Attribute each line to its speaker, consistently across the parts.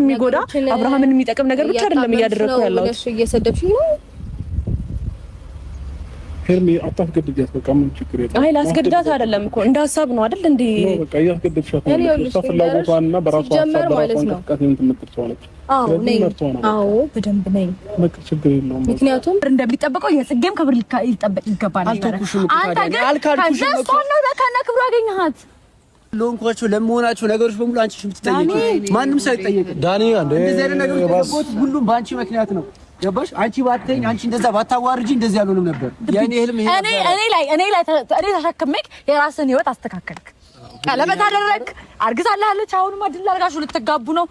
Speaker 1: የሚጎዳ አብርሃምን የሚጠቅም ነገር ብቻ አይደለም እያደረኩ ያለሁት። እየሰደብሽኝ ነው ሄርሜ አታስገድጃት። በቃ ምን ችግር የለም። አይ ላስገድዳት አይደለም እኮ እንደ ሀሳብ ነው አይደል? እንደ በቃ እያስገድድሻት ነው። እሷ ፍላጎቷንና በራሱ ሀሳብ በራሷ እንቅስቃሴ የምትመጥል ሰው ነች። አዎ በደንብ ነኝ። በቃ ችግር የለውም። ምክንያቱም እንደሚጠበቀው የጽጌም ክብር ሊጠበቅ ይገባል። አንተ ግን ከዛ እሷን ነው ከነ ክብሩ አገኘሃት ለሆንኳቸው ለመሆናቸው ነገሮች በሙሉ አንቺ የምትጠየቂ ማንም ሰው አይጠየቅም። ዳኒ አንዴ እንደዚህ አይነት ነገሮች ሁሉም በአንቺ ምክንያት ነው። ገባሽ? አንቺ ባትተኝ፣ አንቺ እንደዛ ባታዋርጂ እንደዚህ አልሆንም ነበር። ያኔ ህልም ይሄ እኔ እኔ ላይ እኔ ላይ እኔ ተሸክመክ የራስን ህይወት አስተካከልክ፣
Speaker 2: ቀለበት አደረግክ፣
Speaker 1: አርግዛለች። አሁንም አድል አድርጋችሁ ልትጋቡ ነው።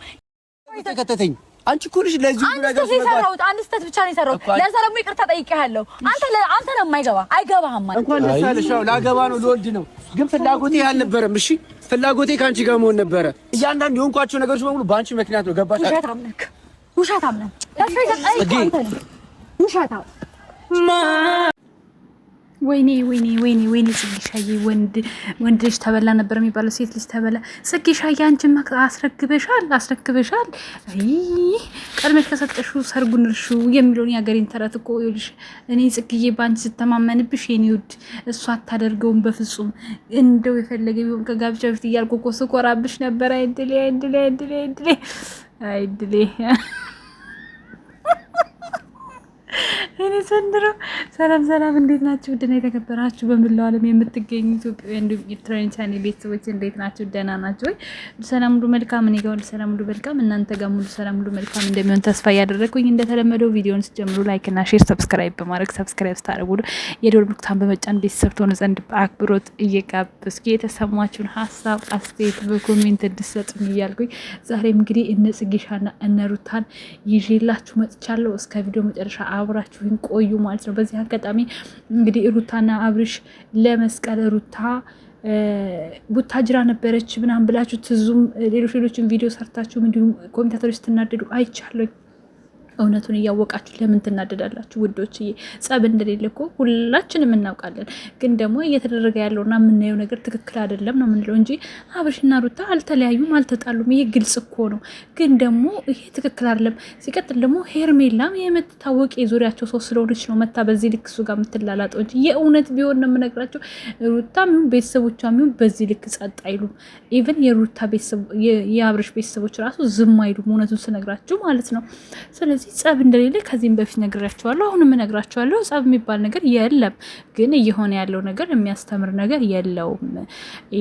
Speaker 1: ተከተተኝ አንቺ እኮ ልጅ ለዚህ ሁሉ ነገር ሰራሁት። አንድ ስህተት ብቻ ነው የሰራሁት። ለዛ ደግሞ ይቅርታ ጠይቄሃለሁ። አንተ አንተ ነው የማይገባ አይገባህም ማለት እንኳን ደስ አለሽ። አዎ ላገባ ነው ልወልድ ነው፣ ግን ፍላጎቴ አልነበረም። እሺ ፍላጎቴ ከአንቺ ጋር መሆን ነበረ። እያንዳንዱ የሆንኳቸው ነገሮች በሙሉ በአንቺ ምክንያት ነው። ገባሽ? ውሸታም ነህ፣ ውሸታም ነህ። ውሸታም ወይኔ ወይኔ ወይኔ ወይኔ ጽጌሻዬ፣ ወንድ ልጅ ተበላ ነበር የሚባለው ሴት ልጅ ተበላ። ጽጌሻዬ አንቺማ አስረክበሻል፣ አስረክበሻል። ይህ ቀድመሽ ከሰጠሽው ሰርጉን እርሹ የሚለውን የሀገሬን ተረት እኮ ይኸውልሽ። እኔ ጽጌዬ በአንቺ ስተማመንብሽ የኔ ውድ፣ እሱ አታደርገውም በፍጹም። እንደው የፈለገ ቢሆን ከጋብቻ በፊት እያልኩ እኮ ስኮራብሽ ነበር። አይድሌ አይድሌ አይድሌ አይድሌ አይድሌ እኔ ዘንድሮ ሰላም ሰላም፣ እንዴት ናችሁ? ውድና የተከበራችሁ በመላው ዓለም የምትገኙ ኢትዮጵያውያን እንዲሁም ኤርትራውያን ቻኔ ቤተሰቦች እንዴት ናችሁ? ደህና ናችሁ ወይ? ሰላም ሁሉ መልካም፣ እኔ ጋር ሁሉ ሰላም ሁሉ መልካም፣ እናንተ ጋር ሁሉ ሰላም ሁሉ መልካም እንደሚሆን ተስፋ እያደረግኩኝ እንደተለመደው ቪዲዮን ስጀምሩ ላይክ እና ሼር፣ ሰብስክራይብ በማድረግ ሰብስክራይብ ስታደርጉ የደወል ምልክቱን በመጫን ቤተሰብ ትሆኑ ዘንድ በአክብሮት እየጋበዝኩ የተሰማችሁን ሀሳብ አስተያየት በኮሜንት እንድትሰጡኝ እያልኩኝ ዛሬም እንግዲህ እነ ጽጌሻና እነ ሩታን ይዤላችሁ መጥቻለሁ። እስከ ቪዲዮ መጨረሻ አብራችሁ ሲያሳዩኝ ቆዩ ማለት ነው። በዚህ አጋጣሚ እንግዲህ ሩታና አብርሽ ለመስቀል ሩታ ቡታጅራ ነበረች ምናምን ብላችሁ ትዙም ሌሎች ሌሎችን ቪዲዮ ሰርታችሁም እንዲሁም ኮሜንታተሮች ስትናደዱ አይቻለኝ። እውነቱን እያወቃችሁ ለምን ትናደዳላችሁ ውዶችዬ? ጸብ እንደሌለ እኮ ሁላችንም እናውቃለን። ግን ደግሞ እየተደረገ ያለውና የምናየው ነገር ትክክል አይደለም ነው የምንለው እንጂ አብርሽና ሩታ አልተለያዩም፣ አልተጣሉም። ይሄ ግልጽ እኮ ነው። ግን ደግሞ ይሄ ትክክል አይደለም። ሲቀጥል ደግሞ ሄርሜላም የምትታወቅ የዙሪያቸው ሰው ስለሆነች ነው መታ በዚህ ልክ እሱ ጋር የምትላላጠው እንጂ የእውነት ቢሆን ነው የምነግራቸው ሩታ ሚሁን ቤተሰቦቿ ሚሁን በዚህ ልክ ጸጥ አይሉም። ኢቨን የሩታ የአብርሽ ቤተሰቦች ራሱ ዝም አይሉም እውነቱን ስነግራችሁ ማለት ነው። ስለዚህ ጸብ እንደሌለ ከዚህም በፊት ነግራችኋለሁ፣ አሁንም ነግራችኋለሁ። ጸብ የሚባል ነገር የለም። ግን እየሆነ ያለው ነገር የሚያስተምር ነገር የለውም።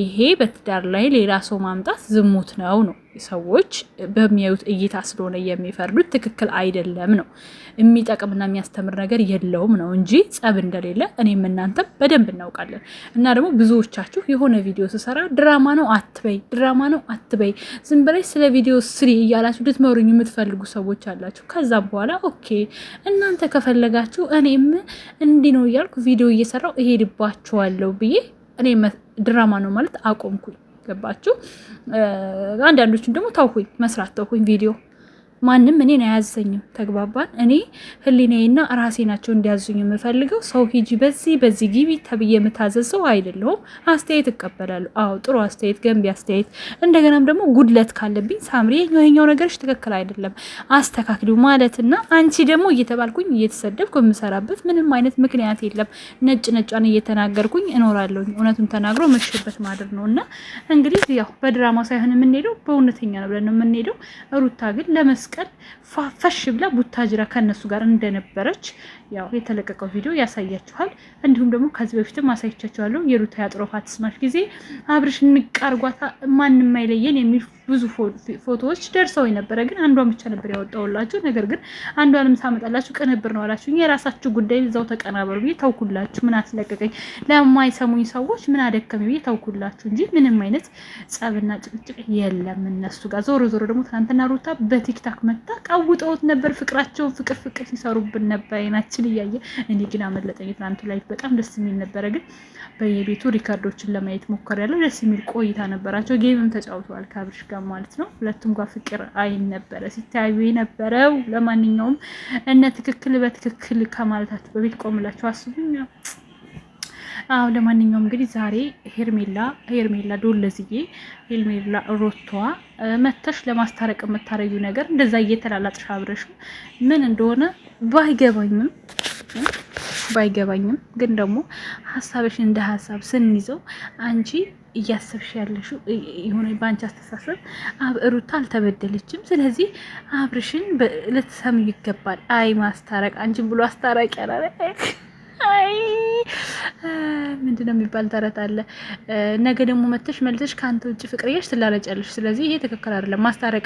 Speaker 1: ይሄ በትዳር ላይ ሌላ ሰው ማምጣት ዝሙት ነው ነው ሰዎች በሚያዩት እይታ ስለሆነ የሚፈርዱት ትክክል አይደለም ነው። የሚጠቅምና የሚያስተምር ነገር የለውም ነው እንጂ ጸብ እንደሌለ እኔም እናንተም በደንብ እናውቃለን። እና ደግሞ ብዙዎቻችሁ የሆነ ቪዲዮ ስሰራ ድራማ ነው አትበይ፣ ድራማ ነው አትበይ፣ ዝም ብለሽ ስለ ቪዲዮ ስሪ እያላችሁ ልትመሩኝ የምትፈልጉ ሰዎች አላችሁ። ከዛ በኋላ ኦኬ እናንተ ከፈለጋችሁ እኔም እንዲህ ነው እያልኩ ቪዲዮ እየሰራው እሄድባችኋለሁ ብዬ እኔ ድራማ ነው ማለት አቆምኩኝ። ገባችሁ? አንዳንዶችን ደግሞ ተውኩኝ መስራት ተውኩኝ ቪዲዮ ማንም እኔን አያዘኝም። ተግባባን። እኔ ህሊናዬና ራሴ ናቸው እንዲያዙኝ የምፈልገው። ሰው ሂጂ በዚህ በዚህ ግቢ ተብዬ የምታዘዝ ሰው አይደለሁም። አስተያየት እቀበላለሁ። አዎ ጥሩ አስተያየት፣ ገንቢ አስተያየት። እንደገናም ደግሞ ጉድለት ካለብኝ ሳምሪ፣ ይኸኛው ነገርሽ ትክክል አይደለም አስተካክሊው ማለትና አንቺ ደግሞ እየተባልኩኝ እየተሰደብኩ የምሰራበት ምንም አይነት ምክንያት የለም። ነጭ ነጫን እየተናገርኩኝ እኖራለሁ። እውነቱን ተናግሮ መሽበት ማድር ነው እና እንግዲህ ያው በድራማ ሳይሆን የምንሄደው በእውነተኛ ነው ብለን ነው የምንሄደው። ሩታ ግን ለመስ መስቀል ፋፈሽ ብላ ቡታጅራ ከነሱ ጋር እንደነበረች ያው የተለቀቀው ቪዲዮ ያሳያችኋል። እንዲሁም ደግሞ ከዚህ በፊትም አሳይቻችኋለሁ። የሩታ ያጥሮፋት ስማሽ ጊዜ አብርሽ እንቃርጓታ ማንም አይለየን የሚል ብዙ ፎቶዎች ደርሰው ነበረ፣ ግን አንዷን ብቻ ነበር ያወጣውላችሁ። ነገር ግን አንዷንም ሳመጣላችሁ ቅንብር ነው አላችሁ። የራሳችሁ ጉዳይ እዛው ተቀናበሩ ብዬ ተውኩላችሁ። ምን አስለቀቀኝ? ለማይሰሙኝ ሰዎች ምን አደከሚ ብዬ ተውኩላችሁ እንጂ ምንም አይነት ጸብና ጭቅጭቅ የለም እነሱ ጋር። ዞሮ ዞሮ ደግሞ ትናንትና ሩታ በቲክታክ መታ ቀውጠውት ነበር። ፍቅራቸውን ፍቅር ፍቅር ሲሰሩብን ነበር፣ አይናችን እያየ። እኔ ግን አመለጠኝ። ትናንቱ ላይ በጣም ደስ የሚል ነበረ፣ ግን በየቤቱ ሪካርዶችን ለማየት ሞከር ያለው ደስ የሚል ቆይታ ነበራቸው። ጌምም ተጫውተዋል ከአብርሽ ጋር ጋር ማለት ነው። ሁለቱም ጋር ፍቅር አይን ነበረ ሲታዩ የነበረው። ለማንኛውም እነ ትክክል በትክክል ከማለታቸው በፊት ቆምላቸው አስቡኝ። አሁ ለማንኛውም እንግዲህ ዛሬ ሄርሜላ ሄርሜላ ዶለዝዬ ሄርሜላ ሮቷ መተሽ ለማስታረቅ የምታረጊው ነገር እንደዛ እየተላላጥሽ አብረሽ ምን እንደሆነ ባይገባኝም ባይገባኝም ግን ደግሞ ሀሳብሽ እንደ ሀሳብ ስንይዘው አንቺ እያሰብሽ ያለሽ የሆነ በአንቺ አስተሳሰብ ሩታ አልተበደለችም። ስለዚህ አብርሽን ልትሰሚው ይገባል። አይ ማስታረቅ አንቺን ብሎ አስታራቂ አላለ አይ ምንድነው የሚባል ተረት አለ። ነገ ደግሞ መተሽ መልሰሽ ከአንተ ውጭ ፍቅርዬሽ ትላለጫለሽ። ስለዚህ ይሄ ትክክል አይደለም። ማስታረቅ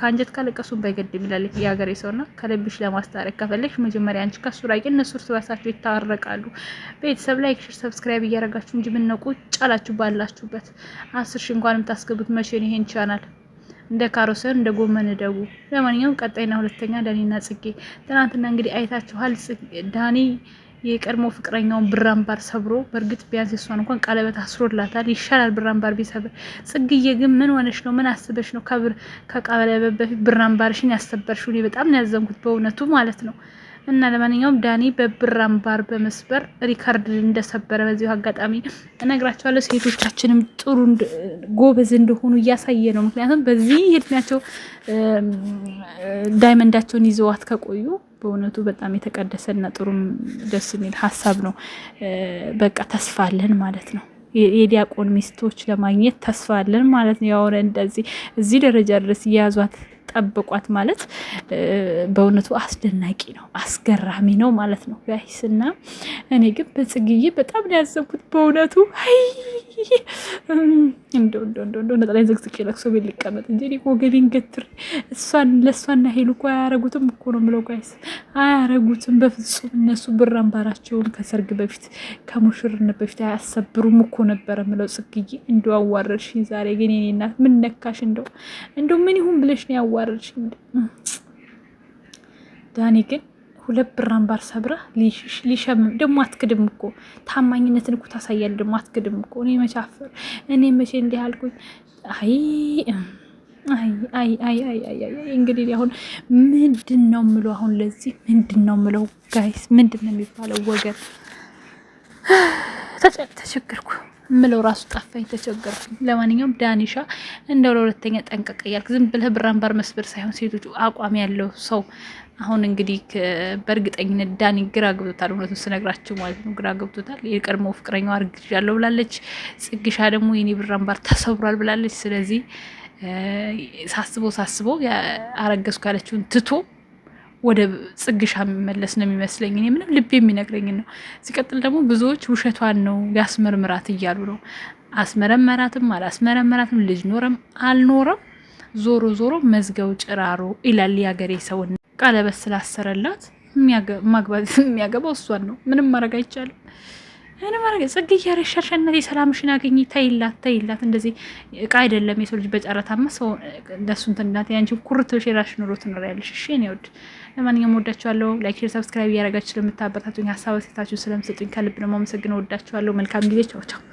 Speaker 1: ከአንጀት ካለቀሱ ባይገድም ይላል የሀገሬ ሰውና ከልብሽ ለማስታረቅ ከፈለግሽ መጀመሪያ አንቺ ከሱ ራቂ። እነሱ እርስ በርሳቸው ይታረቃሉ። ቤተሰብ ላይክ፣ ሼር፣ ሰብስክራይብ እያደረጋችሁ እንጂ ምን ነው ቁጭ አላችሁ ባላችሁበት። አስር ሺ እንኳን የምታስገቡት መቼን ይሄን ቻናል እንደ ካሮሰን እንደ ጎመን ደጉ። ለማንኛውም ቀጣይና ሁለተኛ ዳኒና ጽጌ ትናንትና እንግዲህ አይታችኋል ዳኒ የቀድሞ ፍቅረኛውን ብራምባር ሰብሮ በእርግጥ ቢያንስ የሷን እንኳን ቀለበት አስሮላታል፣ ይሻላል ብራምባር ቢሰብር። ጽግዬ ግን ምን ሆነሽ ነው? ምን አስበሽ ነው? ከብር ከቀለበት በፊት ብራምባርሽን ያሰበርሽው እኔ በጣም ነው ያዘንኩት በእውነቱ ማለት ነው። እና ለማንኛውም ዳኒ በብራምባር በመስበር ሪከርድ እንደሰበረ በዚሁ አጋጣሚ እነግራቸዋለሁ። ሴቶቻችንም ጥሩ ጎበዝ እንደሆኑ እያሳየ ነው። ምክንያቱም በዚህ ዕድሜያቸው ዳይመንዳቸውን ይዘዋት ከቆዩ በእውነቱ በጣም የተቀደሰና ጥሩም ደስ የሚል ሀሳብ ነው። በቃ ተስፋ አለን ማለት ነው። የዲያቆን ሚስቶች ለማግኘት ተስፋ አለን ማለት ነው። ያሆነ እንደዚህ እዚህ ደረጃ ድረስ እየያዟት ጠብቋት ማለት በእውነቱ አስደናቂ ነው፣ አስገራሚ ነው ማለት ነው ጋይስ። እና እኔ ግን በጽግዬ በጣም ነው ያዘንኩት በእውነቱ። እንደው እንደው እንደው ነጠላ ዘግዝቄ ለቅሶ ቤት ሊቀመጥ እንጂ ወገቤን ገትር እሷን ለእሷና ሄሉ እኮ አያረጉትም እኮ ነው የምለው ጋይስ፣ አያረጉትም በፍጹም። እነሱ ብር አምባራቸውን ከሰርግ በፊት ከሙሽርነት በፊት አያሰብሩም እኮ ነበረ የምለው ጽግዬ። እንደው አዋረድሽ ዛሬ ግን የኔ እናት ምን ነካሽ? እንደው እንደው ምን ይሁን ብለሽ ነው ያዋረ አዋረድሽ እንደ ዳኒ ግን ሁለት ብር አምባር ሰብረህ ሊሸምም ደግሞ አትክድም እኮ ታማኝነትን እኮ ታሳያል። ደግሞ አትክድም እኮ እኔ መቼ አፈር እኔ መቼ እንዲህ አልኩኝ። አይ አይ አይ አይ እንግዲህ አሁን ምንድን ነው የምለው? አሁን ለዚህ ምንድን ነው የምለው? ጋይስ ምንድን ነው የሚባለው? ወገን ተቸገርኩ። ምለው ራሱ ጠፋኝ፣ ተቸገርኩኝ። ለማንኛውም ዳኒሻ እንደው ለሁለተኛ ጠንቀቅ እያልክ ዝም ብለህ ብር አምባር መስበር ሳይሆን ሴቶቹ አቋም ያለው ሰው አሁን እንግዲህ በእርግጠኝነት ዳኒ ግራ ገብቶታል። እውነቱን ስነግራችሁ ማለት ነው፣ ግራ ገብቶታል። የቀድሞ ፍቅረኛው አርግዣለሁ ብላለች። ጽግሻ ደግሞ የኔ ብራንባር አምባር ተሰብሯል ብላለች። ስለዚህ ሳስቦ ሳስቦ አረገዝኩ ያለችውን ትቶ ወደ ጽግሻ የሚመለስ ነው የሚመስለኝ። እኔ ምንም ልብ የሚነግረኝ ነው። ሲቀጥል ደግሞ ብዙዎች ውሸቷን ነው ያስመርምራት እያሉ ነው። አስመረመራትም አላስመረመራትም ልጅ ኖረም አልኖረም ዞሮ ዞሮ መዝገው ጭራሮ ይላል የሀገሬ ሰው። ቀለበት ስላሰረላት ማግባት የሚያገባው እሷን ነው። ምንም ማድረግ አይቻልም። ምንም ማድረግ ጽጌ እያረሻሻነት የሰላምሽን አገኝ። ተይላት ተይላት። እንደዚህ እቃ አይደለም የሰው ልጅ በጨረታማ ሰው ለሱ እንትንላት። ያንቺን ኩርት ብሽ የራስሽ ኑሮ ትኖሪያለሽ። እሺ እኔ ወድ ለማንኛውም ወዳችኋለሁ። ላይክ፣ ሼር፣ ሰብስክራይብ እያደረጋችሁ ስለምታበረታቱኝ ሀሳብ ሴታችሁን ስለምሰጡኝ ከልብ ነው ማመሰግነው። ወዳችኋለሁ። መልካም ጊዜ። ቻው ቻው።